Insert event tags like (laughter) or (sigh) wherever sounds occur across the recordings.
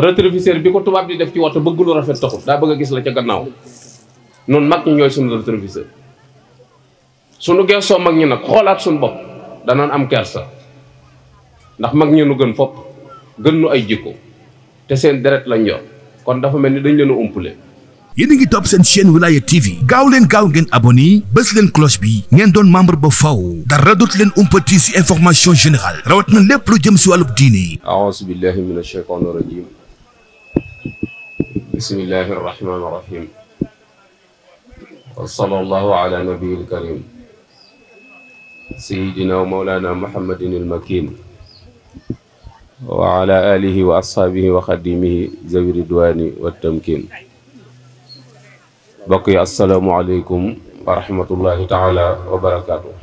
rétroviseur bi ko tubaab di def ci woto bëgg lu rafet taxul daa bëgg a gis la ca gannaaw noonu mag ñi ñooy suñu rétroviseur suñu geesoo mag ñi nag xoolaat suñu bopp danañ am kersa ndax mag ñi nu gën fopp gën nu ay jikko te seen deret lañ yor kon dafa mel ni dañ leen a umpule yéen a ngi topp seen chaîne wilaya tv gaaw leen gaaw ngeen abonné bés leen cloche bi ngeen doon membre ba faw dara dootu leen umpati si information générale rawat na lépp lu jëm si wàllub diini aousubillahi min alsheytan irajim bismillahi irrahmani irrahim wasala allahu ala nabiyi ilkarim sayidina wa maulana muhammadin ilmakin wa ala alihi wa ashaabihi wa xadimihi zawi ridwani wa tamkin bokk yi asalaamualeykum wa rahmatullahi taala wa barakaatu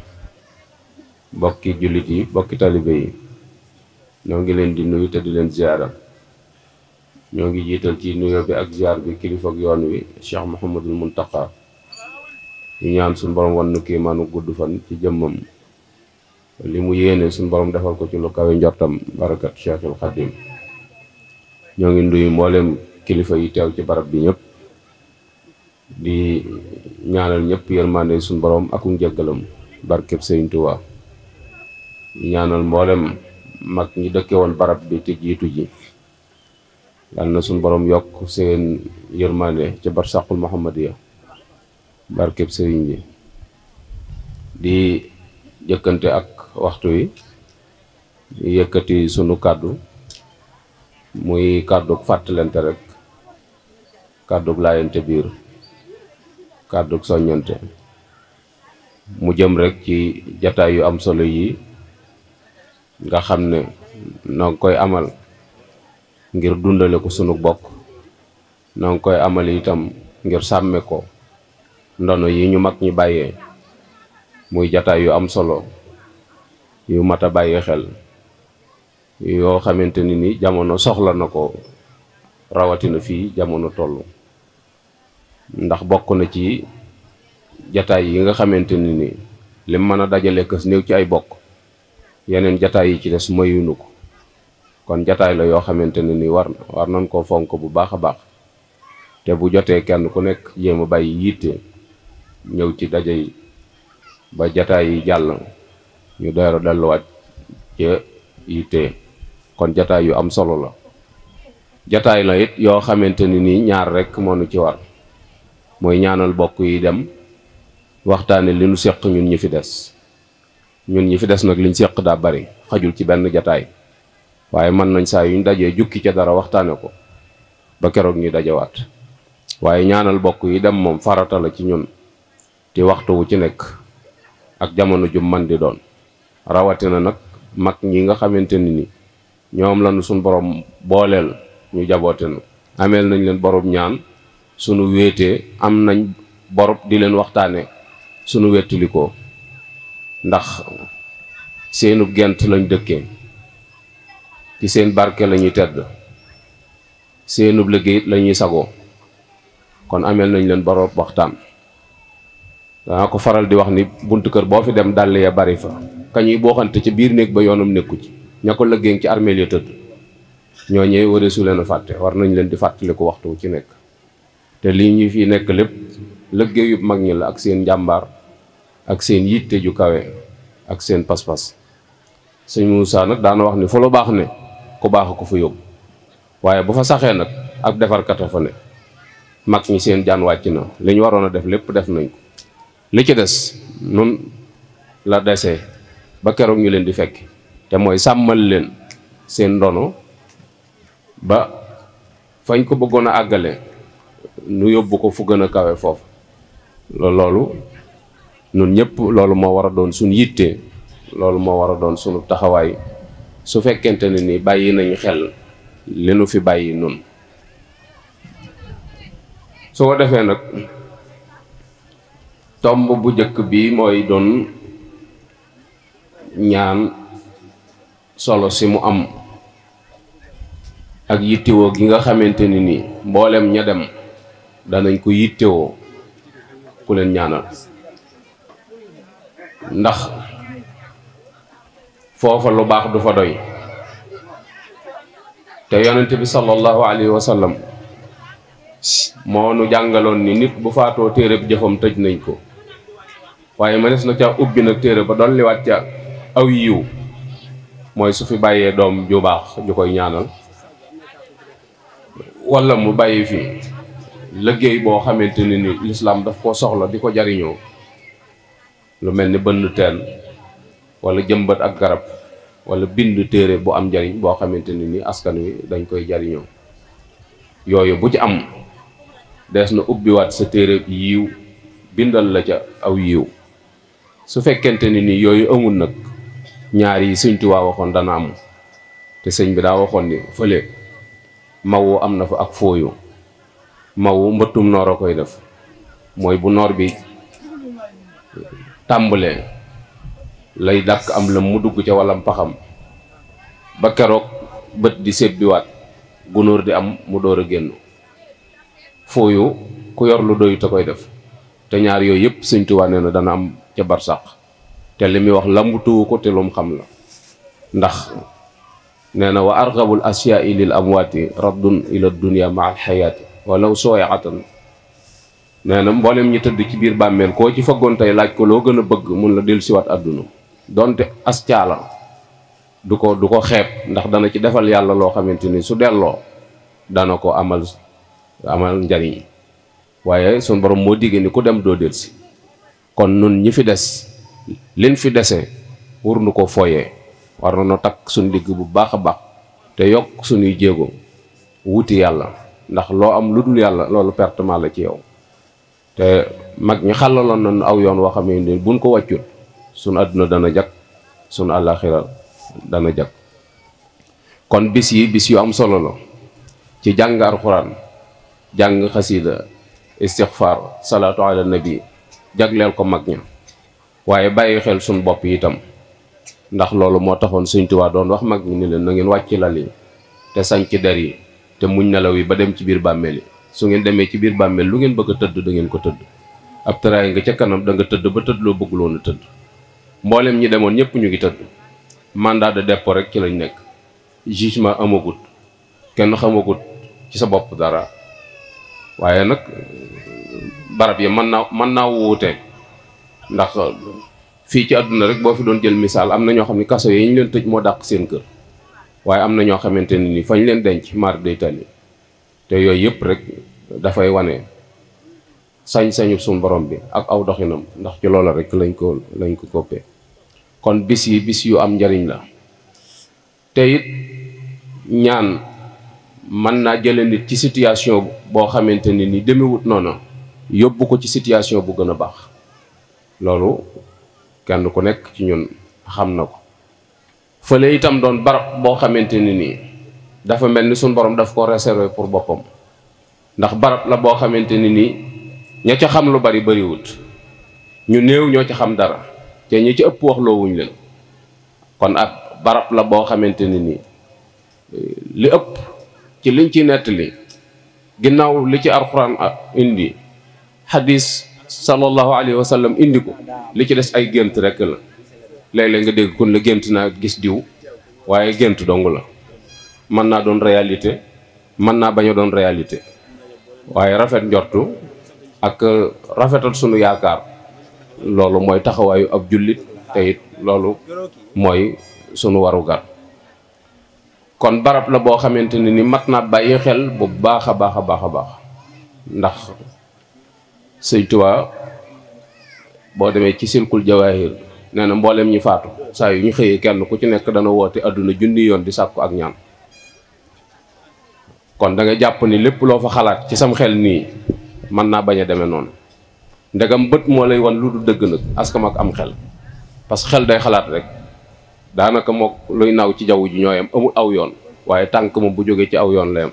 bokki jullit yi bokki talibe yi noo ngi leen di nuyu te di leen ziara ñoo ngi jiital ci nuyoo bi ak ziar bi kilifa yoon wi Cheikh Mouhamadul Muntaqa ñu ñaan suñu borom wan nu gudd fan ci jëmmam li mu yéene suñu borom defal ko ci lu kawe njortam barakat Cheikhul Xadim ñoo ngi nuyu mboolem kilifa yi teew ci barab bi ñëpp di ñaanal ñëpp yërmande suñu borom ak njëggalam barkeb Sëriñ ñaanal mboolem mag ñi dëkke woon barab bi te jiitu ji. yàlla na suñu borom yokk seen yërmande ci barsàqul muhammadiya barkeb sëriñ bi di jëkkante ak waxtu wi yëkkati sunu kàddu muy kàddug fàttalante rekk kàddug laayante biir kàddug soññante mu jëm rek ci jataay yu am solo yi nga xam ne noo koy amal ngir dundale ko sunu bokk noo koy amale itam ngir sàmme ko ndono yi ñu mag ñi bàyyee muy jataay yu am solo yu mat a bàyyi xel yoo xamante ni ni jamono soxla na ko rawatina fii jamono toll ndax bokk na ci jataay yi nga xamante ni ni lim mën a dajale kës néew ci ay bokk yeneen jataay yi ci des mayunu ko kon jataay la yoo xamante ne ni war na war nañ koo fonk bu baax a baax te bu jotee kenn ku nekk jéem a bàyyi yitte ñëw ci daje ba jataay yi jàll ñu doyro delluwaat ca yitte kon jataay yu am solo la jataay la it yoo xamante ni nii ñaar rekk moo ci war mooy ñaanal bokk yi dem waxtaane li nu seq ñun ñi fi des ñun ñi fi des nag liñ seq daa bari xajul ci benn jataay waaye mën nañ saa yu ñu dajee jukki ca dara waxtaane ko ba keroog ñu dajewaat waaye ñaanal bokk yi dem moom farata la ci ñun te waxtu wu ci nekk ak jamono ju man di doon rawatina nag mag ñi nga xamante ni ni ñoom lañu suñ borom booleel ñu jaboote ameel nañ leen borom ñaan sunu wéetee am nañ borom di leen waxtaane sunu wettalikoo ndax seenu gent lañ dëkkee ci seen barke la ñuy tedd seenub liggéey la ñuy sagoo kon ameel nañ leen borob waxtaan danaa ko faral di wax ni buntu kër boo fi dem dàll yi bari fa kañuy booxante ci biir néeg ba yoonam nekku ci ña ko lëggéen ci armeel ya tëdd ñoo ñëwee su leen fàtte war nañ leen di fàttaliku waxtu ci nekk lii ñu fi nekk lépp lëggéeyub mag ñi la ak seen njàmbaar ak seen yitte ju kawe ak seen pas-pas sëñ Moussa nag daana wax ni fu lu baax ne ku baax ko fu yóbbu waaye bu fa saxee nag ak defarkat a fa ne mag ñi seen jaan wàcc na li waroon a def lépp def nañ ko li ci des nun la desee ba keroog ñu leen di fekk te mooy sàmmal leen seen ndono ba fañ ko bëggoon a àggale nu yóbbu ko fu gën a kawe foofu loolu nun ñëpp loolu moo war a doon suñ yitte loolu moo war a doon sunu taxawaay su fekkente ne ni bàyyi nañu xel li nu fi bàyyi nun su ko defee nag tomb bu njëkk bi mooy doon ñaan solo si mu am ak yittewoo gi nga xamante ni nii mboolem ña dem danañ ko yittewoo ku leen ñaanal ndax foofa lu baax du fa doy te yonent bi sallallahu alayhi wa sallam moo nu jàngaloon ni nit bu faatoo téereb jëfam tëj nañ ko waaye mënees na ca ubbi nag téere ba dolliwaat ca aw yiw mooy su fi bàyyee doom ju baax ju koy ñaanal walla mu bàyyi fi liggéey boo xamante ni lislaam daf ko soxla di ko jariñoo lu mel ni bënn teen wala jëmbat ak garab wala bind téere bu am njariñ boo xamante ne ni askan wi dañ koy jariñoo yooyu bu ci am dees na ubbiwaat sa téere yiw bindal la ca aw yiw su fekkente ni ni yooyu amul nag ñaar yi sëñ waxoon dana am te sëñ bi daa waxoon ni fële mawu am na fa ak fooyu mawu mbëttum noor koy def mooy bu noor bi tàmbalee lay dàq am lëm mu dugg ca wàllam paxam ba keroog bët di sebbiwaat gunóor di am mu dóor a génn fooyu ku yor lu doyu te koy def te ñaar yooyu yëpp Sëñ Tuubaa nee na dana am ca barsàq te li muy wax lambutuwu ko te lum xam la ndax nee na wa argabul asyaai lil amwaati raddun ila dunia ma alxayaati walaw sooyaatan nee na mboolem ñi tëdd ci biir bàmmeel koo ci faggoon tey laaj ko loo gën a bëgg mun la dellusiwaat àdduna donte as caala du ko du ko xeeb ndax dana ci defal yàlla loo xamante ni su delloo dana ko amal amal njariñ waaye sunu borom moo digge ni ku dem doo delsi kon nun ñi fi des liñ fi dese wur nu ko fooyee war nañoo takk suñ digg bu baax a baax te yokk suñuy jéego wuti yàlla ndax loo am lu dul yàlla loolu pertement la ci yow te mag ñi xàllaloon nañu aw yoon woo xam ne buñ ko wàccut sunu àdduna dana jag sunu àllaaxira dana jag kon bis yi bis yu am solo la ci jàng alxuraan jàng xasida istixfaar salaatu ala nabi jagleel ko mag ña waaye bàyyi xel sunu bopp itam ndax loolu moo taxoon Sëñ Tuubaa doon wax mag ñi ni leen na ngeen wàcc lal yi te sañ ci der yi te muñ nelaw yi ba dem ci biir bàmmeel yi su ngeen demee ci biir bàmmeel lu ngeen bëgg tëdd da ngeen ko tëdd ab tëraay nga ca kanam da nga tëdd ba tëdd loo bëgg a tëdd mboolem ñi demoon ñëpp ñu ngi tëdd mandat de dépôt rek ci lañ nekk jugement amagut kenn xamagut ci sa bopp dara waaye nag euh, barab yi mën naa mën naa wuute ndax euh, fii ci àdduna rek boo fi doon jël misaal am na ñoo xam ne kaso yi ñu leen tëj moo dàq seen kër waaye am na ñoo xamante ne ni fañ leen denc mar day tali te yooyu yëpp rek dafay wane sañ-sañu suñu borom bi ak aw doxinam ndax ci loola rek lañ ko lañ ko koppee kon bis yi bis yu am njariñ la te ñaan mën naa jële nit ci situation boo xamante ni ni demewut noonu yóbbu ko ci situation bu gën a baax loolu kenn ku nekk ci ñun xam na ko fële itam doon barab boo xamante ni nii dafa mel ni suñ borom daf ko réserver pour boppam ndax barab la boo xamante ni nii ña xam lu bari bariwut ñu néew ñoo ca xam dara te ñi ci ëpp waxloowuñ leen kon ab barab la boo xamante ne nii li ëpp ci liñ ci nettali ginnaaw li ci alxuraan indi xadis sallallahu alayhi wa indi ko li ci des ay gént rek la léeg-léeg nga dégg kon la gént naa gis diw waaye gént dong la mën naa doon réalité mën naa bañ doon réalité waaye rafet njortu ak rafetal sunu yaakaar loolu mooy taxawaayu ab jullit te loolu mooy sunu warugar kon barab la boo xamante ne ni mat naa bàyyi xel bu baax a baax a baax a baax ndax sëñ boo demee ci silkul jawaahir nee na mbooleem ñi faatu saa yu ñu xëyee kenn ku ci nekk dana woote àdduna junni yoon di sàkku ak ñaan kon danga jàpp ni lépp loo fa xalaat ci sam xel nii mën naa bañ a demee noonu ndegam bët moo lay wan lu du dëgg nag askam ak am xel parce que xel day xalaat rek daanaka mook luy naw ci jaww ji ñooyam amul aw yoon waaye tànk moom bu jógee ci aw yoon la yam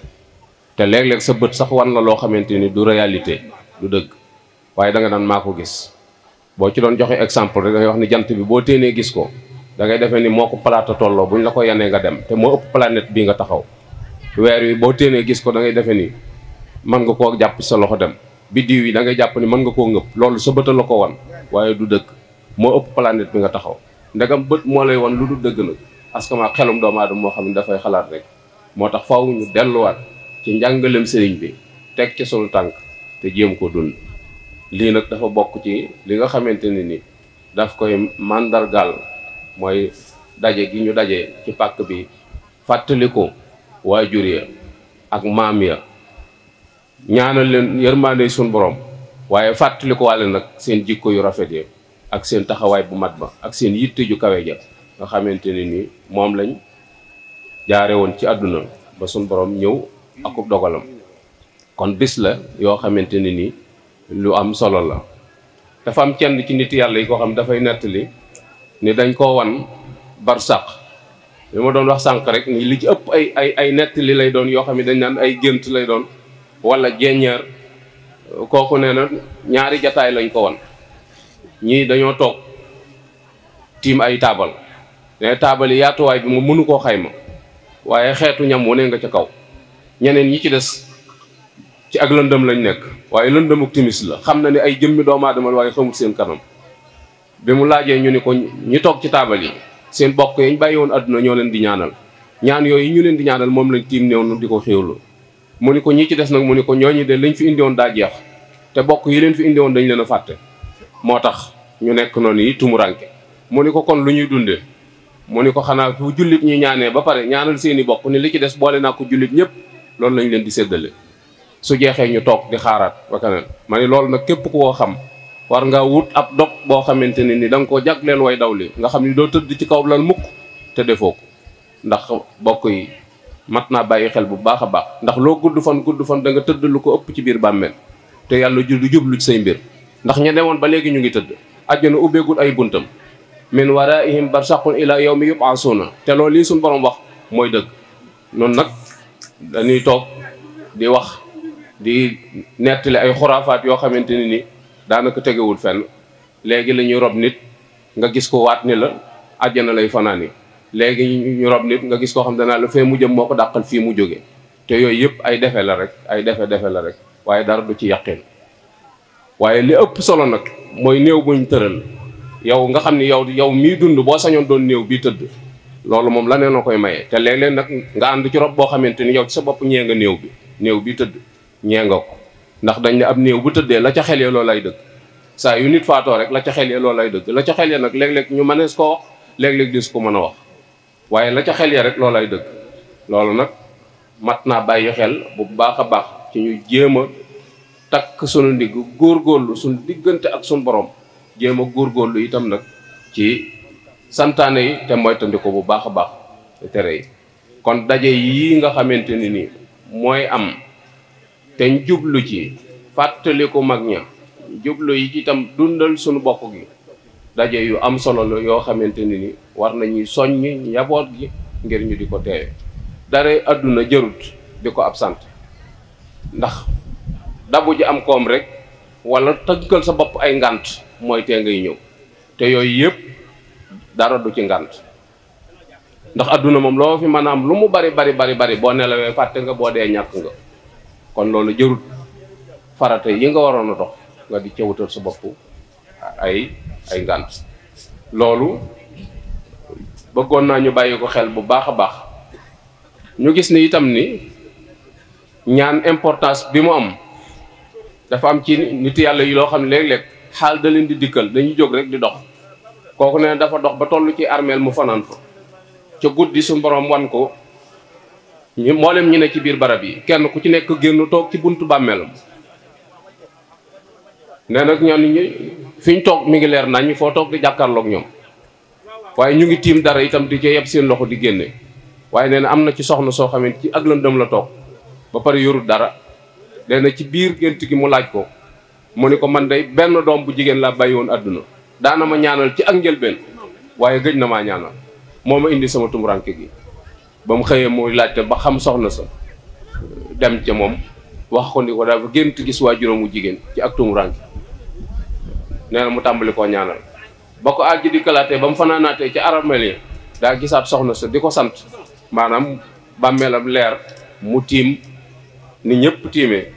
te léeg-léeg sa bët sax wan la loo xamante ni du réalité du dëgg waaye da nga naan maa ko gis boo ci doon joxe exemple rek da ngay wax ni jant bi boo téenee gis ko dangay defe ni moo ko palaata tolloo bu ñu la ko yenee nga dem te moo ëpp planète bii nga taxaw weer wi boo téenee gis ko da ngay defee ni mën nga koo jàpp sa loxo dem biddiw yi da ngay jàpp ni mën nga koo ngëpp loolu sa bëta la ko wan waaye du dëkk moo ëpp planète bi nga taxaw ndegam bët moo lay wan lu du dëgg nag askama xelum doomu aadama moo xam ne dafay xalaat rek moo tax faaw ñu delluwaat ci njàngalem sëriñ bi teg ci sunu tànk te jéem ko dund lii nag dafa bokk ci li nga xamante ne ni daf koy màndargaal mooy daje gi ñu daje ci pàkk bi fàttaliku waa ya ak maam ya ñaanal leen yërmande suñu borom waaye fàttali ko wàlle nag seen jikko yu rafet yi ak seen taxawaay bu mat ba ak seen yitte ju kawe ja nga xamante ne ni moom lañ jaare woon ci àdduna ba suñ boroom ñëw akub dogalam kon bis la yoo xamante ne ni lu am solo la dafa am kenn ci nit yàlla yi koo xam dafay nettali ni dañ koo wan barsàq li ma doon wax sànq rek ni li ci ëpp ay ay ay nettali lay doon yoo xam ne dañ naan ay gént lay doon wala jéññeer kooku nee na ñaari jataay lañ ko won ñii dañoo toog tiim ay taabal ne taabal yi yaatuwaay bi mu mënu koo xayma waaye xeetu ñam wu ne nga ca kaw ñeneen ñi ci des ci ak lëndëm lañ nekk waaye lëndëmuk timis la xam na ne ay jëmmi doomu aadama la waaye xamul seen kanam bi mu laajee ñu ni ko ñi toog ci taabal yi seen bokk yañ bàyyi woon àdduna ñoo leen di ñaanal ñaan yooyu ñu leen di ñaanal moom lañ tiim néew di ko xéewlu mu ni ko ñi ci des nag mu ni ko ñooñu de lañ fi indiwoon daa jeex te bokk yi leen fi indi woon dañ leen a fàtte moo tax ñu nekk noonu yi tumuraanke mu ni ko kon lu ñuy dundee mu ni ko xanaa fu jullit ñi ñaanee ba pare ñaanal seeni bokk ni li ci des boole naa ko jullit ñëpp loolu lañ leen di séddale su jeexee ñu toog di xaaraat ba ma ni loolu nag képp koo xam war nga wut ab dog boo xamante ne ni da nga ko jagleel way daw li nga xam ni doo tëdd ci kaw lal mukk te defoo ko yi mat naa bàyyi xel bu baax a baax ndax loo gudd fan gudd fan da nga tëdd lu ko ëpp ci biir bàmmeel te yàlla ju jublu ci say mbir ndax ña woon ba léegi ñu ngi tëdd àjjana ubbeegul ay buntam ba min waraihim mi ila yawmi yub'asuna te loolu lii suñ borom wax mooy dëgg noonu nag dañuy toog di wax di nettali ay xuraafaat yoo xamante ne ni daanaka tegewul fenn léegi la ñuy rob nit nga gis ko waat ni la àjjana lay fanaani léegi ñu rob nit nga gis koo xam danaa la fee mu jëm moo ko dàqal fii mu jóge te yooyu yëpp ay defe la rek ay defe defe la rek waaye dara du ci yàqin waaye li ëpp solo nag mooy néew buñ tëral yow nga xam ni yow yow mii dund boo sañoon doon néew bi tëdd loolu moom la nee na koy mayee te léeg-léeg nag nga ànd ci rob boo xamante ni yow ci sa bopp ñee nga néew bi néew bi tëdd ñee ko ndax dañ ne ab néew bu tëddee la ca xel ya loolu lay dëgg saa yu nit faatoo rek la ca xel ya loolu lay dëgg la ca xel ya nag léeg ñu mënees koo wax léeg-léeg mën a wax waaye la ca xel ya rek loolu loolay dëgg loolu nag mat naa bàyyi xel bu baax a baax ci ñu jéem a takk sunu ndigg góorlu sunu diggante ak sunu borom jéem a góorlu itam nag ci santaane yi te moytandiku bu baax a baax te tere yi kon daje yii nga xamante ni nii mooy am te jublu ci fàttaliku mag ña jublu yi itam dundal sunu bokk gi daje yu am solo la yoo xamante ne ni war nañuy soññ njaboot gi ngir ñu di ko teewe dara àdduna jërut di ko absente ndax dabu ji am koom rek wala tënkal sa bopp ay ngant mooy tee ngay ñëw te yooyu yëpp dara du ci ngànt ndax àdduna moom loo fi mën a am lu mu bari bari bari bari boo nelawee fàtte nga boo dee ñàkk nga kon loolu jërut farata yi nga waroon a dox nga di cawutal sa bopp ay ay ngànt loolu bëggoon naa ñu bàyyi ko xel bu baax a baax ñu gis ni itam ni ñaan importance bi mu am dafa am ci nit yàlla yi loo xam ne léeg xaal da leen di dikkal dañuy jóg rek di dox kooku ne dafa dox ba toll ci armeel mu fanaan fa ca guddi su borom wan ko ñu mboolem ñu ne ci biir barab yi kenn ku ci nekk génn toog ci buntu bàmmeelam nee nag ñaan ñi fi ñu toog mi ngi leer nañ foo toog di jàkkaarloog ñoom waaye ñu ngi tiim dara itam di ci yeb seen loxo di génne waaye nee na am na ci soxna soo xamante ci ak lëndëm la toog ba pare yorul dara nee na ci biir gént gi mu laaj ko mu ni ko man day benn doom bu jigéen laa bàyyi woon àdduna daana ma ñaanal ci ak njëlbeen waaye gëj na maa ñaanal moo ma indi sama tumuraanke gi ba mu xëyee mooy laajte ba xam soxna sa dem ca moom wax ko ni ko daal ba gént gis waajuram wu jigéen ci ak tumuranke neena mu tàmbali koo ñaanal ba ko aaj ji di kalaatee ba mu fanaanaatee ci aramel yi daa gisaat soxna sa di ko sant maanaam bàmmeelam leer mu tiim ni ñëpp tiime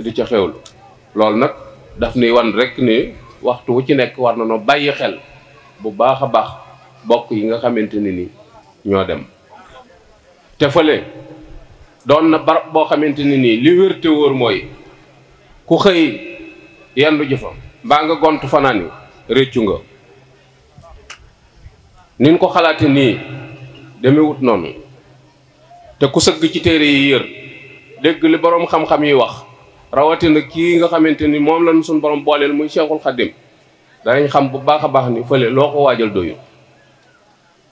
di ca xewlu loolu nag daf ni wan rek ni waxtu wu ci nekk war na noo bàyyi xel bu baax a baax bokk yi nga xamante ni ni ñoo dem te fële doon na barab boo xamante ni nii li wérte wóor mooy ku xëy yenn yendu jëfam baa nga gontu fanaani réccu nga niñ ko xalaate nii demewut noonu te ku sëgg ci téere yi yër dégg li boroom xam-xam yi wax rawatina kii nga xamante ni moom lañ suñ borom booleel muy Cheikhul Khadim danañ xam bu baax a baax ni fële loo ko waajal doyut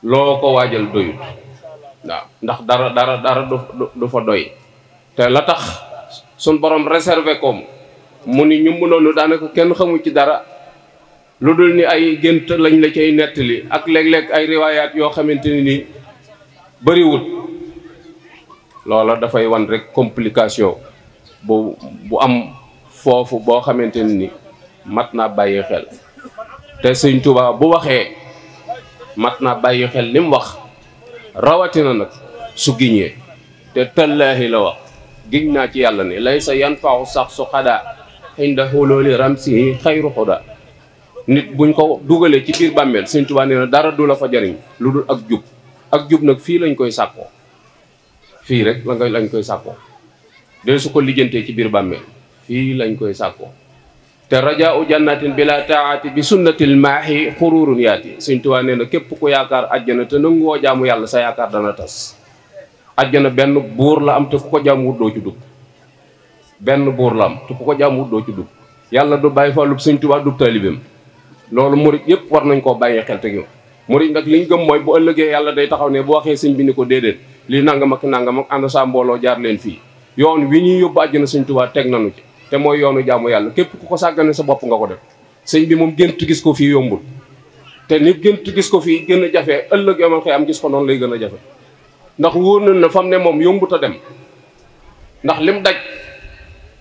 loo ko waajal doyut waaw ndax dara dara dara du fa doy te la tax suñ borom réservé koom mu ni ñumb noonu daanaka kenn xamu ci dara lu dul ni ay gént lañ la cay nettali ak léeg-léeg ay riwaayaat yoo xamante ni ni bëriwul loola dafay wan rek complication bu am foofu boo xamante ni mat naa bàyyi xel te sëñ Tuubaa bu waxee mat naa bàyyi xel li wax rawatina nag su giñee te tallaahi la wax giñ naa ci yàlla ni lay sa yan faaxu sax su xadaa inda xulooli ramsi xayru xuda nit buñ ko dugalee ci biir bàmmeel Sëñ Tuubaa dara du la fa jariñ lu dul ak jub ak jub nag fii lañ koy sàkkoo fii rek la nga lañ koy sàkkoo de su ko lijjantee ci biir bàmmeel fii lañ koy sàkkoo te rajaau jannatin bila taati bi sunnatil maahi xururun yaati Sëñ Tuubaa nee na képp ku yaakaar àjjana te nangu jaamu yàlla sa yaakaar dana tas àjjana benn buur la am te ku ko jaamu doo ci dugg benn buur la am te ku ko jaamu doo ci dugg yàlla du bàyyi fàllu sëñ Tuubaa dub taalibeem loolu murit yëpp war nañ koo bàyyi xel te gi murit nag liñ ñu gëm mooy bu ëllëgee yàlla day taxaw ne bu waxee sëñ bi ni ko déedéet lii nangam ak nangam ak ànd saa mbooloo jaar leen fii yoon wi ñuy yóbbu àjjana sëñ Tuubaa teg nanu ci te mooy yoonu jaamu yàlla képp ku ko sàggane sa bopp nga ko def sëñ bi moom gént gis ko fii yombul te nit gént gis ko fii gën jafe ëllëg yomal xëy am gis ko noonu lay gën a jafe ndax wóor na ne ne moom yombut a dem ndax lim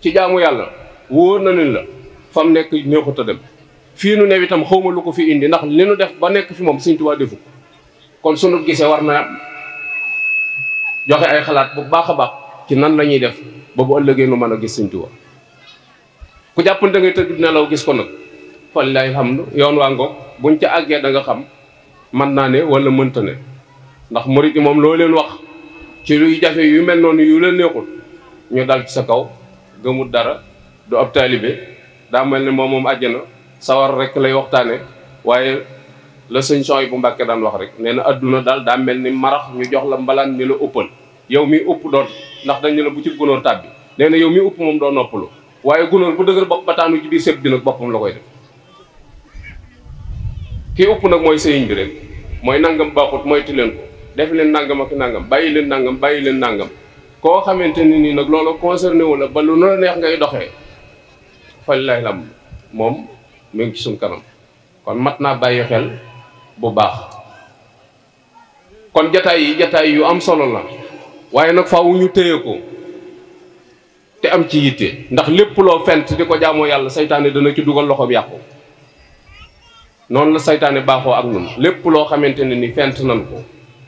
ci jaamu yàlla wóor na leen la fam nekk neexut a dem fii nu new itam xawma lu ko fi indi ndax li nu def ba nekk fi moom Sëñ Tuubaa defu kon sunu gisee war na joxe ay xalaat bu baax a baax ci nan la ñuy def ba bu ëllëgee nu mën a gis Sëñ Tuubaa ku jàppante ngay tëdd nelaw gis ko nag falilaahi alhamdu yoon waa ngoog buñ ci àggee da nga xam man naa ne walla mënta ne ndax murit yi moom looleen wax ci luy jafe yu mel noonu yu leen neexul ñu dal ci sa kaw gëmul dara du ab taalibe daa mel ni moom moom àjjana sawar rek lay waxtaane waaye la sëñ sooy bu mbàkkee daan wax rek nee na adduna daal daa mel ni marax ñu jox la mbalaan ni la ëppal yow mi ëpp doon ndax dañ ne la bu ci gunóor tàbbi neena yow mi ëpp moom doo noppalu waaye gunóor bu dëgër bopp bataanu ci biir sëb bi nag boppam la koy def kii ëpp nag mooy sëyiñ bi rek mooy nangam baaxut moytu leen ko def leen nangam ak nangam bàyyi leen nangam bàyyi leen nangam koo xamante ne nii nag loolu concerné wu la ba lu neex ngay doxee falilay lam moom mu ngi ci suñ kanam kon mat naa bàyyi xel bu baax kon jataay yi jataay yu am solo la waaye nag faaw ñu téye ko te am ci yitte ndax lépp loo fent di ko jaamoo yàlla seytaane dana ci dugal loxoom yàqu noonu la seytaane baaxoo ak ñun lépp loo xamante ne ni fent nan ko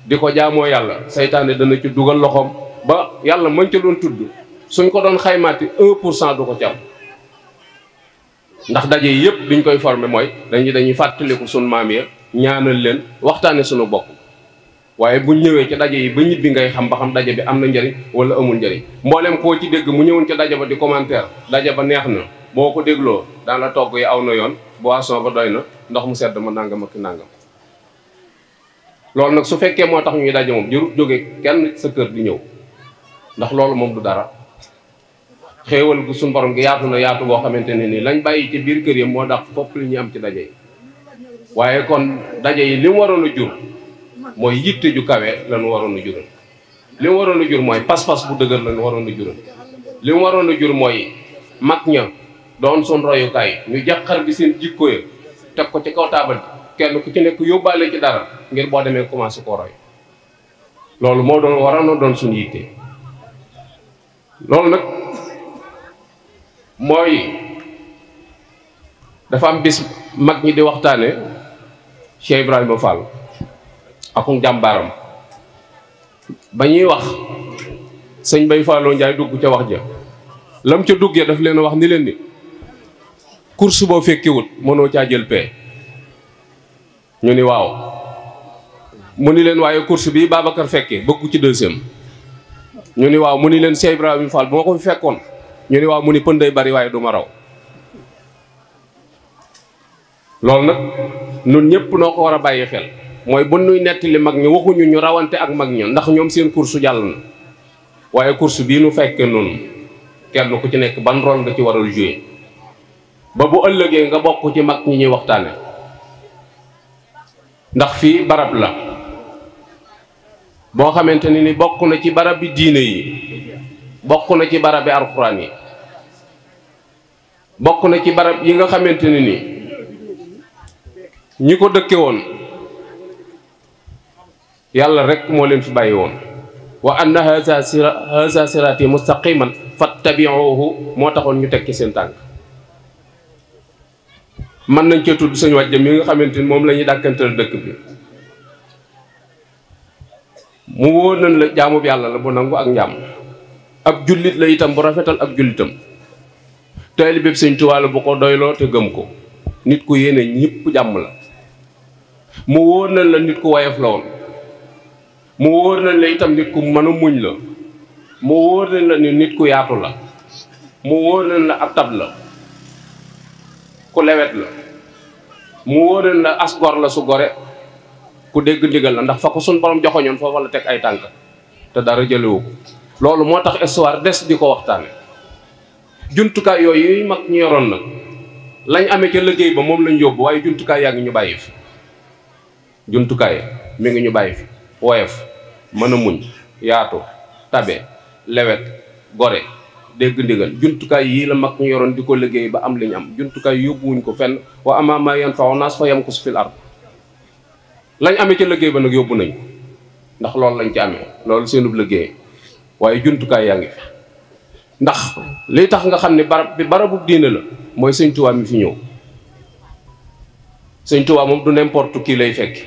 di ko jaamoo yàlla seytaane dana ci dugal loxoom ba yàlla mañ ca doon tudd suñ ko doon xaymaati pour cent du ko ci am ndax daje yi yëpp duñ koy formé mooy dañuy dañuy fàttaliku suñ maam ya ñaanal leen waxtaane suñu bopp waaye buñ ñëwee ca daje yi ba ñibbi ngay xam ba xam daje bi am na njëriñ wala amul njëriñ mboolem koo ci dégg mu ñëwoon ca daje ba di commentaire daje ba neex na boo ko dégloo daan la togg yi aw na yoon boisson ba doy na ndox mu sedd ma nangam ak nangam loolu nag su fekkee moo tax ñuy daje moom jóge kenn sa kër di ñëw ndax loolu moom du dara xéewal gu suñu borom gi yaatu na yaatu boo xamante ne nii lañ bàyyi ci biir kër yi moo tax fopp li ñu am ci daje yi waaye kon daje yi li mu waroon a jur mooy yitte ju kawe lañu waroon a jural li mu waroon a jur mooy pas-pas bu dëgër lañu waroon a li mu waroon jur mooy mag ña doon suñ royukaay ñu jàqar bi seen jikko ya teg ko ci kaw taabal kenn ku ci nekk yóbbaale ci dara ngir boo demee commencé ko roy loolu moo doon waroon a doon suñu yitte loolu nag mooy dafa am bis mag ñi di waxtaane Cheikh Ibrahima Fall akum jàmbaaram ba ñuy wax sëñ Bay Fallou Ndiaye dugg ca wax ja lam ca duggee daf leen wax ni leen ni course boo fekkiwut mënoo caa jël pee ñu ni waaw mu ni leen waaye course bii Babacar fekkee bëggu ci deuxième ñu ni waaw mu ni leen Cheikh Ibrahima Fall bu ma ko fi fekkoon ñu ni waaw mu ni pën bari waaye du ma raw loolu nag nun ñëpp noo ko war a bàyyi xel mooy bu nuy nettali mag ñi waxuñu ñu rawante ak mag ña ndax ñoom seen course jàll na waaye course bii nu fekke noonu kenn ku ci nekk ban rôle nga ci waral jouer ba bu ëllëgee nga bokk ci mag ñi ñuy waxtaane ndax fii barab la boo xamante ne ni bokk na ci barab bi diine yi bokk na ci bara bi alxuraan yi bokk na ci barab yi nga xamante ne ni ñi ko dëkke woon yàlla rek moo leen fi bàyyi woon wa anna haza sira haza siraati mustaqiman fattabiuhu moo taxoon ñu tekki seen tànk man nañ cee tudd suñu wàjjam yi nga xamante ni moom la ñuy dàkkantal dëkk bi mu wóor nañ la jaamub yàlla la bu nangu ak njaam ab jullit la itam bu rafetal ak jullitam taalibeeb sëñ Tuubaa la bu ko doyloo te gëm ko nit ku yéene ñëpp jàmm la mu wóor nañ la nit ku woyof la woon mu wóor nañ la itam nit ku mën muñ la mu wóor nañ la nit ku yaatu la mu wóor nañ la ab tab la ku lewet la mu wóor nañ la as gor la su gore ku dégg ndigal la ndax fa ko suñ borom joxoñoon foofa la teg ay tànk te dara jëlewu ko loolu moo tax histoire des di ko waxtaane jumtukaay yooyu yu mag ñu yoroon nag lañ ame ca liggéey ba moom lañ yóbbu waaye juntukaay yaa ngi ñu bàyyi fi jumtukaay mi ngi ñu bàyyi fi woyof mën a muñ yaatu tabe lewet gore dégg ndigal juntukaay yii la mag ñu yoroon di ko liggéey ba am li ñu am jumtukaay yóbbuwuñ ko fenn wa amaa ma yan faxo naas fa yam ko su fil ard lañ ame ca liggéey ba nag yóbbu nañ ndax loolu lañ ci amee loolu seenub liggéey waaye jumtukaay yaa ngi fi ndax li tax nga xam ne barab bi barabu diine la mooy sëñ mi fi ñëw sëñ Tuubaa moom du n'importe kii lay fekki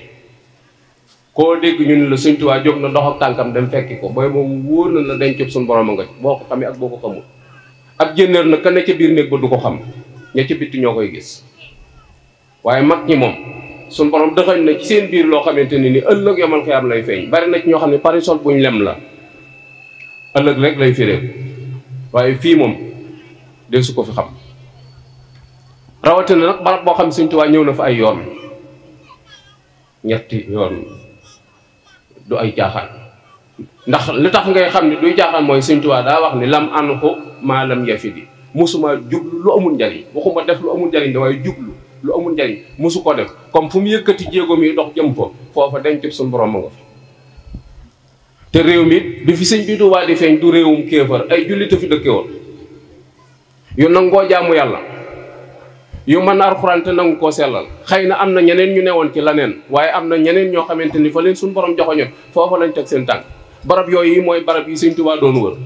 koo dégg ñu ne la sëñ Tuubaa jóg na dox ak tànkam dem fekki ko booy moom wóor na la denc suñu borom a nga boo ko xamee ak boo ko xamul ab jëndeer na ka ne ca biir néeg ba du ko xam ña ca bitti ñoo koy gis waaye mag ñi moom suñu borom dëxañ na ci seen biir loo xamante ne ni ëllëg yomal xiyaam lay feeñ bari na ñoo xam ne parasol buñ lem la ëllëg rek lay firee waaye fii moom dee su ko fi xam rawatina nag barab boo xam Sëñ Tuubaa ñëw na fa ay yoon ñetti yoon du ay caaxaan ndax li tax ngay xam ne duy caaxaan mooy Sëñ daa wax ni lam an ko maa lam yafidi musuma jublu lu amul njariñ waxuma def lu amul njariñ damay jublu lu amul njariñ mosu ko def comme fu mu yëkkati jéego mi dox jëm fa foofa dencub suñu borom ma réew mi du sëñ bi di feeñ du réewum kéefar ay jullit a fi yu nangoo jaamu yàlla yu mën alxuraan te nangu koo sellal xëy na am na ñeneen ñu newoon ci laneen am na ñeneen ñoo xamante ni fa leen suñu borom joxoñoon foofa lañ teg seen tànk barab yooyu mooy barab yi sëñ Tuubaa doon wër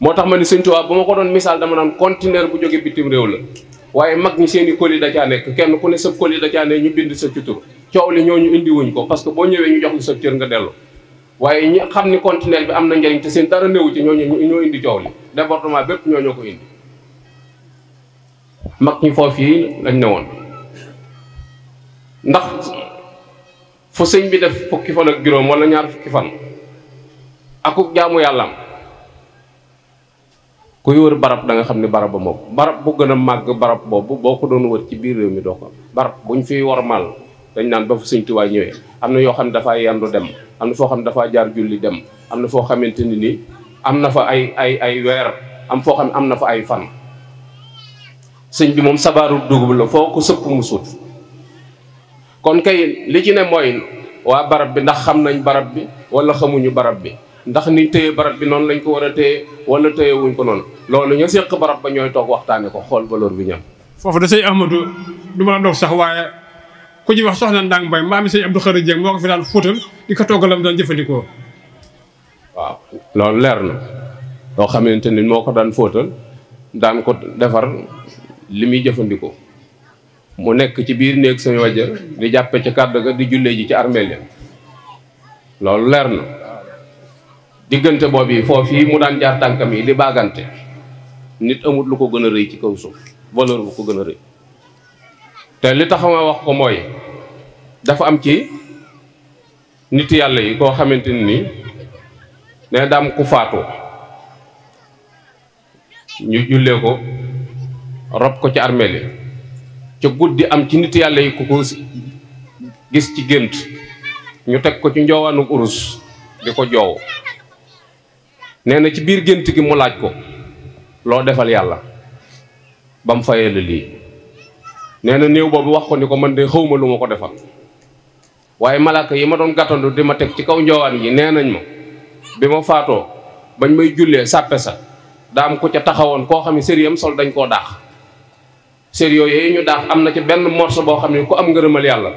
moo tax ma ni sëñ Tuubaa bu ma ko doon misaal dama naan conteneur bu jóge bitim réew la waaye mag ñi seeni i colis da caa nekk kenn ku ne sa colis da caa ne ñu bind sa ci tur coow li ñooñu indi wuñ ko parce que boo ñëwee ñu jox li sa cër nga dellu waaye ñi xam ni conteneur bi am na njëriñ te seen dara néewu ci ñooñu ñoo indi coow li département bépp ñoo ñoo ko indi mag ñi foofu yi lañ ne woon ndax fu sëñ bi def fukki fan ak juróom wala ñaar fukki fan akuk jaamu yàllaam kuy wër barab da nga xam ne barab ba moom barab bu gën a màgg barab boobu boo ko doon wër ci biir réew mi doo ko am barab buñ fiy wormaal dañ naan ba fa Sëñ Tuubaa ñëwee am na yoo xam ne dafaa yendu dem am na xam ne dafaa jaar julli dem am na foo xamante ni nii am na fa ay ay ay weer am foo xam ne am na fa ay fan sëñ bi moom sabaaru dugub la foo ko sëpp mu suut kon kay li ci ne mooy waa barab bi ndax xam nañ barab bi wala xamuñu barab bi ndax ni téye barab bi noonu lañ ko war a téye wala téye wuñ ko noonu loolu ñu seq barab ba ñooy toog waxtaane ko xool valeur bi ñam foofu da sëñ Ahmadou du ma dox sax waaye ku ñuy wax soxna Ndang Mbay maam sëñ Abdou Khari Dieng moo ko fi daan fóotal di ko toggalam doon jëfandikoo waaw leer na loo xamante ni moo ko daan fóotal daan ko defar li muy jëfandikoo mu nekk ci biir néeg suñu wàjjë di jàppe ci kàdd ga di jullee ji ci armeel ya loolu leer na diggante yi boobu foofii mu daan jaar tànkam yi li baagante nit amut lu ko gën a rëy ci kaw suuf valeur bu ko gën a rëy te li tax ma wax ko mooy dafa am ci nit yàlla yi koo xamante ni ne daam ku faatu ñu jullee ko rob ko ci armeel yi ca guddi am ci nit yàlla yi ku ko gis ci gént ñu teg ko ci njoowaanu urus di ko joow nee na ci biir gént gi mu laaj ko loo defal yàlla ba mu fayee la lii nee na néew boobu wax ko ni ko man de xawma lu ma ko defal waaye malaaka yi ma doon gàttandu di ma teg ci kaw njoowaan gi nee nañ ma bi ma faatoo bañ may jullee sàppe sa daa am ku ca taxawoon koo xam ne sériyam sol dañ koo daax sér yooyu ñu daax am na ci benn morso boo xam ne ku am ngërëmal yàlla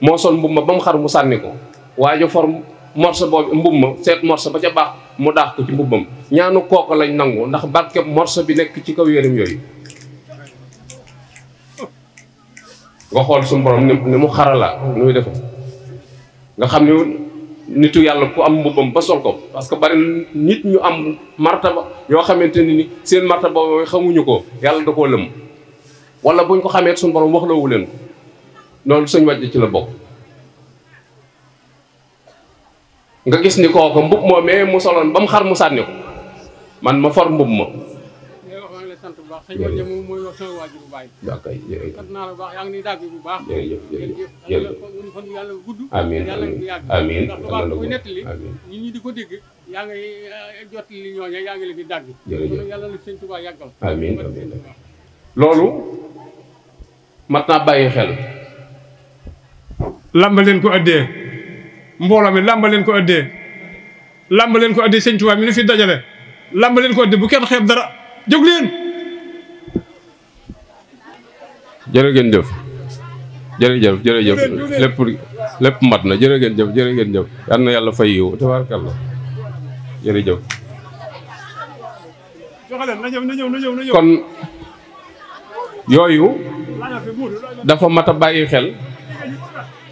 moo sol mbubb ma ba mu xar mu sànni ko waaye form morso boobu mbubb ma seet morso ba ca baax mu daax ko ci mbubbam ñaanu kooku lañ nangu ndax barkeb morso bi nekk ci kaw yërëm yooyu nga xool suñu borom ni mu xarala nu muy defee nga xam ne nitu yàlla am mbubbam ba sol ko parce que bari nit ñu am martaba yoo xamante ne ni seen martaba yooyu xamuñu ko yàlla da koo lëm wala buñ ko xamee suñu borom waxloowu leen ko loolu suñ wàjj ci la bokk nga gis ni kooku mbub moo mais mu soloon ba mu xar mu sànni ko man ma for mbub ma. sant bu baax sëñ Modou moom mooy wax bu baax yi. sant baax yaa ngi dàgg bu baax. jërëjëf yàlla gudd. amiin amiin ndax di ko dégg yaa ngi eh, jot li ñooñu yaa ngi leen di dàgg. jërëjëf yàlla loolu mat naa bàyyi xel. lamba leen ko addee. mbooloo mi làmba leen ko ëddee làmba leen ko ëddee sëñ Tuubaa mi nu fi dajale làmba leen ko ëddee bu kenn xeeb dara jóg leen. jërë ngeen jëf jërëjëf jërëjëf lépp lépp mat na jërë ngeen jëf jërë ngeen jëf yal yàlla fay yow tabaarkalla jërëjëf. kon yooyu dafa mat bàyyi xel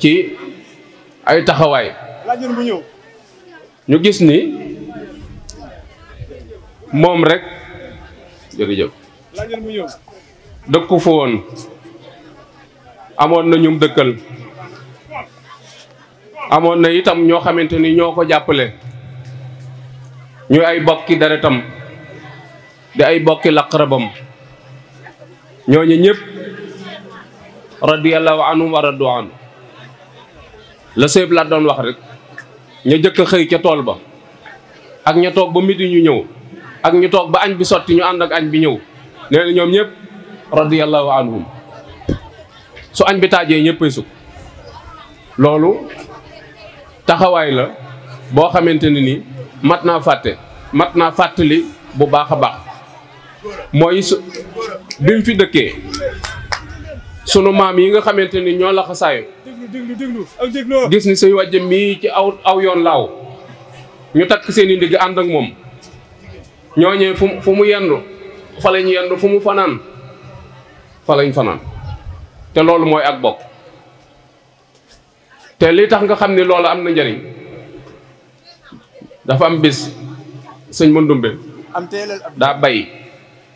ci. ay taxawaay ñu gis ni moom rek jërëjëf dëkku fa woon amoon na ñum dëkkal amoon na itam ñoo xamante ni ñoo ko jàppale ñu ay bokki deretam di ay bokki laqrabam ñooñu ñëpp radiyallahu anhum wa radu anhu la sëñ Blaat doon wax rek ña jëkk xëy ca tool ba ak ña toog ba midi ñu ñëw ak ñu toog ba añ bi sotti ñu ànd ak añ bi ñëw nee na ñoom ñëpp radiyallahu anhum su añ bi taajee ñëppay sukk loolu taxawaay la boo xamante ne ni mat naa fàtte mat naa fàttali bu baax a baax mooy su bi mu fi dëkkee sunu maam yi nga xamante ni ñoo laxasaayu déglu gis ni sëy wàjjëm mii ci aw yoon laaw ñu takk seen i ndigg ànd ak moom ñooñee fu fu mu yendu fa lañ yendu fu mu fanaan fa lañ fanaan te loolu mooy ak bokk te li tax nga xam ni loolu am na njariñ dafa am bis sëñ Mandumbe daa bay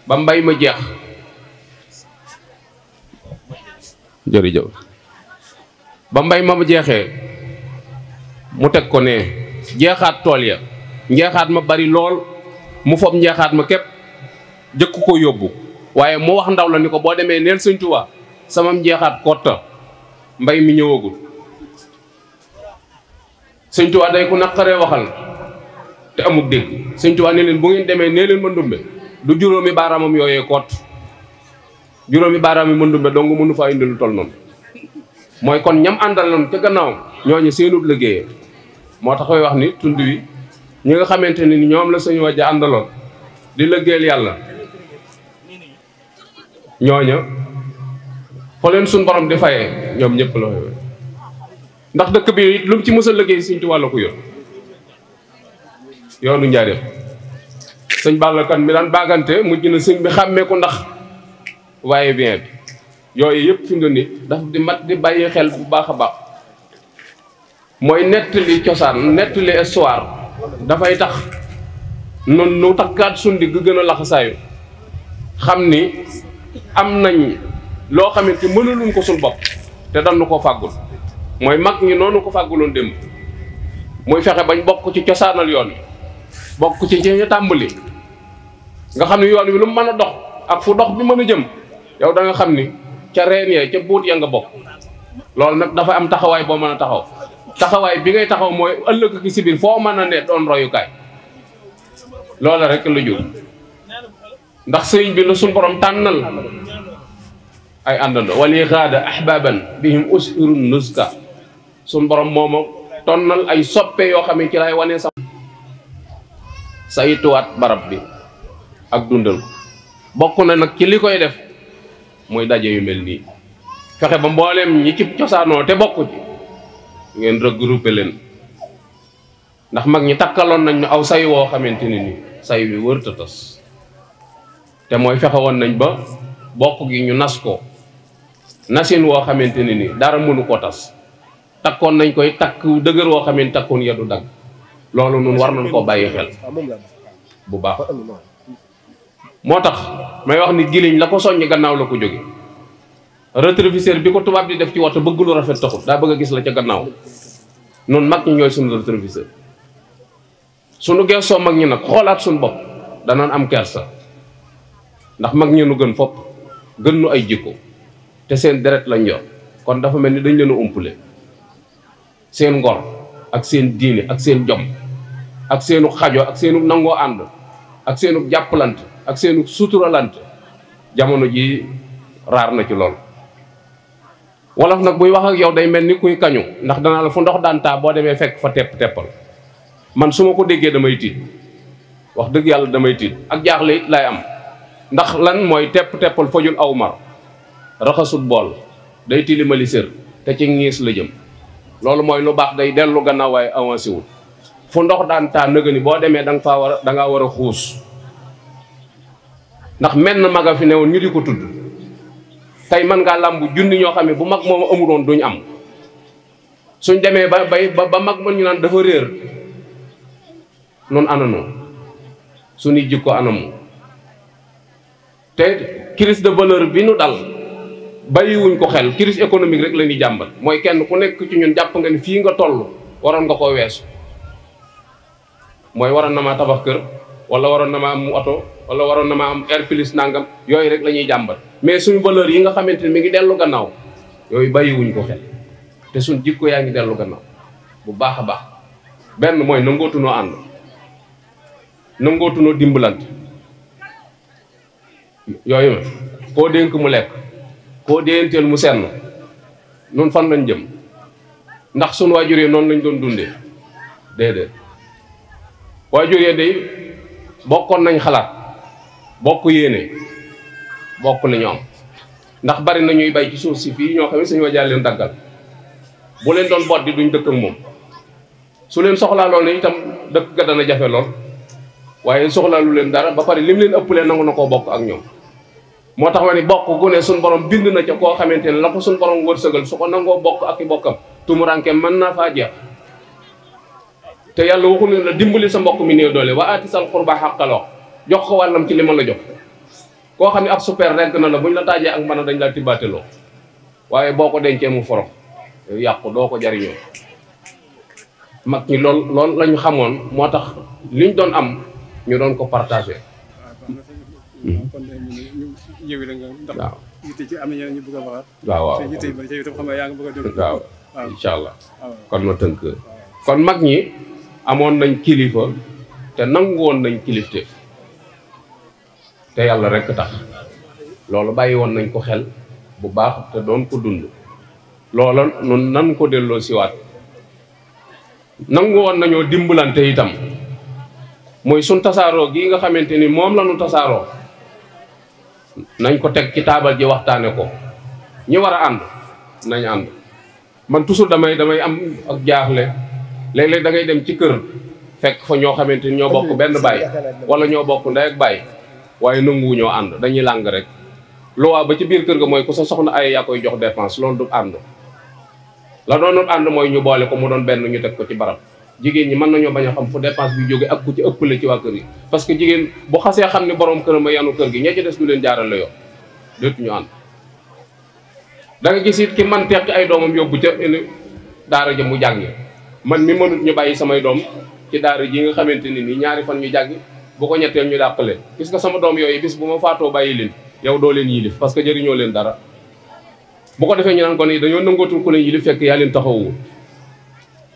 ba mbay ma jeex jërëjëf ba mbay ma jeexee mu teg ko ne jeexaat tool ya njeexaat ma bari lool mu fob njeexaat ma képp jëkk ko yóbbu waaye mu wax ndaw la ni ko boo demee neel Sëñ sama samam njeexaat kotta mbay mi ñëwagul Sëñ Tuubaa day ku naqaree waxal te amul dégg Sëñ Tuubaa ne leen bu ngeen demee nee leen ma ndumbe du juróomi baaraamam yooyee kott juróomi baaraam yi ma ndumbe dong mënu faa indi lu toll noonu mooy kon ñam àndaloon ca gannaaw ñooñu seenub liggéey moo tax koy wax ni tund wi ñi nga xamante ni ñoom la sëñ Wajja àndaloon di liggéeyal yàlla ñooña fa leen suñ borom di fayee ñoom ñëpp la ndax dëkk bi lu ci mësa a liggéey sëñ Tuubaa la ko yor yoonu njaareem sëñ Balla Kan mi daan baagante mujj na sëñ bi xàmmee ko ndax waaye bien bi yooyu yëpp fi mu ne dafa di mat di bàyyi xel bu baax a baax mooy nettali cosaan nettali histoire dafay tax nun nu takkaat sundi gi gën a laxasaayu xam ni am nañ loo xamante mënuluñ ko suñ bopp te dañu ko fàggul mooy mag ñi noonu ko fàgguloon démb muy fexe bañ bokk ci cosaanal yoon bokk ci ci ñu tàmbali nga xam ne yoon wi lu mën a dox ak fu dox bi mën a jëm yow da xam ni ca reen ya ca buut ya nga bokk loolu nag dafa am taxawaay boo mën a taxaw taxawaay bi ngay taxaw mooy ëllëg ki si biir foo mën a ne doon royukaay loola rek lu jur ndax sëriñ bi lu suñ borom tànnal ay àndandoo wali xaada ahbaban bihim usirun nuska suñ borom mooma tonnal ay soppe yoo xam ne ci lay wane sa saytuwaat barab bi ak dundal ko bokk na nag ci li koy def mooy daje yu mel nii fexe ba mbooleem ñi ci cosaanoo te bokk ci ngeen regroupé leen ndax mag ñi takkaloon nañ ñu aw say woo xamante ne nii say bi wërta ta tas te mooy fexe woon nañ ba bokk gi ñu nas ko nasin woo xamante ne ni dara mënu ko tas takkoon nañ koy takk dëgër woo xamante takkoon ya du dagg loolu nun war nañ koo bàyyi xel ah, bu baax moo tax may wax ni giliñ la ko soññee gannaaw la ko jóge rétroviseur bi ko tubaab di def ci waxtu bëgg lu rafet taxul daa bëgg a gis la ca gannaaw noonu mag ñi ñooy suñu rétroviseur gees soo mag ñi nag xoolaat suñu bopp danaan am kersa ndax mag ñi nu gën fopp gën nu ay jikko te seen deret lañ yor kon dafa mel ni dañ leen a umpule seen ngor ak seen diine ak seen jom ak seenu xajo ak seenu nangoo ànd ak seenu jàppalante ak seenu suturalante jamono ji raar na ci lool wolof nag buy wax ak yow day mel ni kuy kañu ndax danaa la fu ndox daan taa boo demee fekk fa tepp teppal man su ma ko déggee damay tiit wax dëgg yàlla damay tiit ak jaaxle it lay am ndax lan mooy tepp teppal fojul aw mar raxasut bool day tilimali sér te ci ngiis la jëm loolu mooy lu baax day dellu gannaaw waaye fu ndox daan taa nëgëni boo demee danga faa war a dangaa war a xuus ndax menn mag a fi ne woon ñu di ko tudd tey man ngaa làmb junni ñoo xam ne bu mag moom amuloon duñ am suñ demee ba bay ba mag mën ñu naan dafa réer noonu ananoo suñuy jikko anamu te crise de valeur bi nu dal bàyyiwuñ ko xel crise économique rek la ñuy jàmbat mooy kenn ku nekk ci ñun jàpp nga ni fii nga toll waroon nga koo weesu mooy waroon na maa tabax kër wala waroon na maa am mu oto wala waroon na ma am air plus nangam yooyu rek la ñuy jàmbat mais suñu valeur yi nga xamante ni mi ngi dellu gannaaw yooyu bàyyiwuñ ko xel te suñ jikko yaa ngi dellu gannaaw bu baax a baax benn mooy nangootunoo ànd nangootunoo dimbalante yooyu ma koo dénk mu lekk koo déyanteel mu senn noonu fan lañ jëm ndax suñu waajur yi noonu lañ doon dundee déedéet waajur yi day bokkoon nañ xalaat bokk yéene bokk li ñoom ndax bari na ñuy bay ci suuf si fii ñoo xam ne suñu wajaa leen daggal bu leen doon boot duñ dëkka ak moom su leen soxlaa lool ne itam dëkk ga jafe lool waaye soxlaa lu leen dara ba pare lim leen ëpp leen nangu na koo bokk ak ñoom moo tax wa ni bokk gu ne borom bind na ca koo xamante ne la ko suñ borom wërsëgal su ko nangoo bokk ak i bokkam tumuranke mën naa faa jeex te yàlla waxul ne la dimbali sa mbokk mi néew doole wa aati sal xurba jox ko wàllam ci li ma la jox koo xam ne ak super rent na la buñ la taajee ak mën a dañ laa loo waaye boo ko dencee mu forom yàqu doo ko jariñoo mag ñi lool lool lañu xamoon moo tax liñ doon am ñu doon ko partagé waaw waaw waaw waaw incha allah kon ma tënk kon mag ñi amoon nañ kilifa te nangu woon nañ kilifte te yàlla rek tax loolu bàyyi woon nañ ko xel bu baax te doon ko dund loola nun nan ko delloo siwaat nangu woon nañoo dimbalante itam mooy suñ tasaaroo gi nga xamante ni moom la ñu tasaaroo nañ ko teg ci taabal ji waxtaane ko ñi war a ànd nañ ànd man toujours damay damay am ak jaaxle léeg-léeg da ngay dem ci kër fekk fa ñoo xamante ni ñoo bokk benn baay (laughs) wala ñoo bokk ndey ak baay waaye nanguwu ñoo ànd dañuy làng rek luwaa ba ci biir kër ga mooy ku sa soxna ay yaa koy jox dépence loolu du ànd la doon ànd mooy ñu boole ko mu doon benn ñu teg ko ci barab jigéen ñi mën nañoo bañ a xam fu dépense bu jóge ak ku ci ëppale ci waa kër gi parce que jigéen bu xasee xam ne borom këram a yanu kër gi ña ci des du leen jaaral la yoo dootu ñu ànd da gis it ki man teex ci ay doomam yóbbu ca daara ja mu jàngi man mi mënut ñu bàyyi samay doom ci daara ji nga xamante ni nii ñaari fan ñu jàngi bu ko ñetteel ñu dàq leen gis nga sama doom yooyu bis bu ma faatoo bàyyi leen yow doo leen yilif parce que jëriñoo leen dara bu ko defee ñu naan ko ni dañoo nangootul ku leen yilif fekk yaa leen taxawul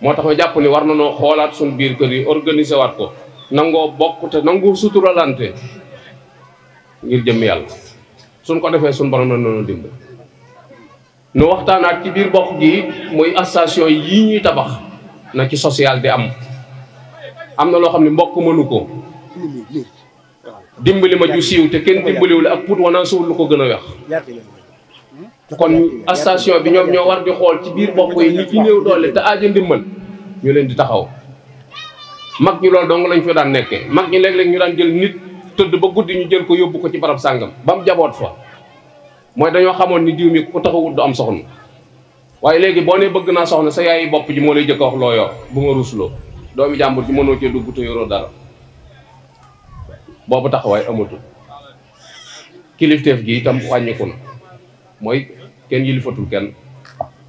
moo tax ma jàpp ni war na noo xoolaat suñu biir kër yi organisé waat ko nangoo bokk te nangoo suturalante ngir jëm yàlla suñ ko defee suñ borom na noonu dimbal nu waxtaanaat ci biir bokk gi muy association yi ñuy tabax na ci social di am am na loo xam ne mbokk mënu ko dimbali ma ju te kenn dimbaliwul ak put wanaa suul lu ko gën a wex kon station bi ñoom ñoo war di xool ci biir bopp yi ñi ci néew doole te aaja ndimbal ñu leen di taxaw mag ñi loolu dong lañ fi daan nekkee mag ñi léeg-léeg ñu daan jël nit tëdd ba guddi ñu jël ko yóbbu ko ci barab sàngam ba mu jaboot fa mooy dañoo xamoon ni diw mi ku taxawut du am soxna waaye léegi boo nee bëgg naa soxna sa yaayi bopp ji moo lay jëkk wax loo yor bu ma ruusloo mënoo cee dugg te yoroo boobu taxawaay amatul kilifteef gi itam wàññiku na mooy kenn yilifatul kenn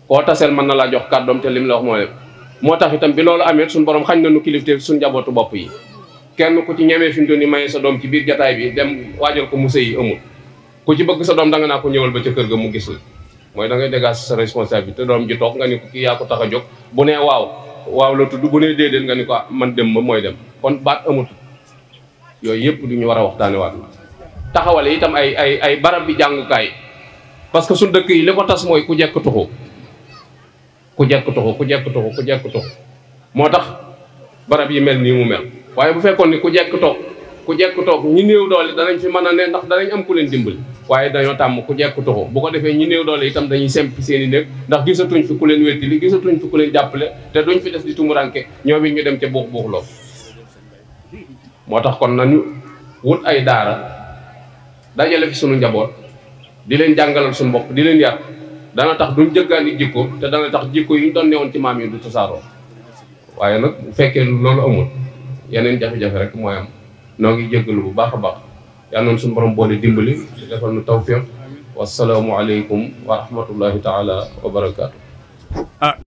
koo taseel mën na laa jox kàddoom te lim la wax mooy moo tax itam bi loolu amee suñu borom xañ na nu kilifteef suñu njabootu bopp yi kenn ku ci ñemee fi mu doon ni maye sa doom ci biir jataay bi dem waajal ko musée yi amul ku ci bëgg sa doom danga naa ko ñëwal ba ca kër ga mu gis la mooy da ngay dégager sa te doom ji toog nga ni ko kii yaa ko tax a jóg bu nee waaw waaw la tudd bu nee nga ni ko ah, man dem ba mooy dem kon baat amatul yooyu yëpp du ñu war a waxtaanee waat taxawale itam ay ay ay barab bi jàngukaay parce que suñ dëkk yi li ko tas mooy ku jekk tuxu ku jekk tuxu ku jekk tuxu ku jekk moo tax barab yi mel nii mu mel waaye bu fekkoon ni ku jekk toog ku jekk toog ñi néew doole danañ fi mën a ne ndax danañ am ku leen dimbali waaye dañoo tàmm ku jekk tuxu bu ko defee ñi néew doole itam dañuy sempi seen i néeg ndax gisatuñ fi ku leen wettili gisatuñ fi ku leen jàppale te duñ fi des di ñoom it ñu dem ca buux buux lool moo tax kon nañu wut ay daara dajale fi sunu njaboot di leen jàngalal suñu bopp di leen yar dana tax duñ jëggaani jikko te dana tax jikko yi ñu doon newoon ci maam yi du tasaaroo waaye nag bu fekkee loolu amul yeneen jafe-jafe rek mooy am noo ngi jéggalu bu baax a baax yal suñu borom boole dimbali te defal nu tawfiq wasalaamualeykum wa rahmatullahi taala wa barakaatu.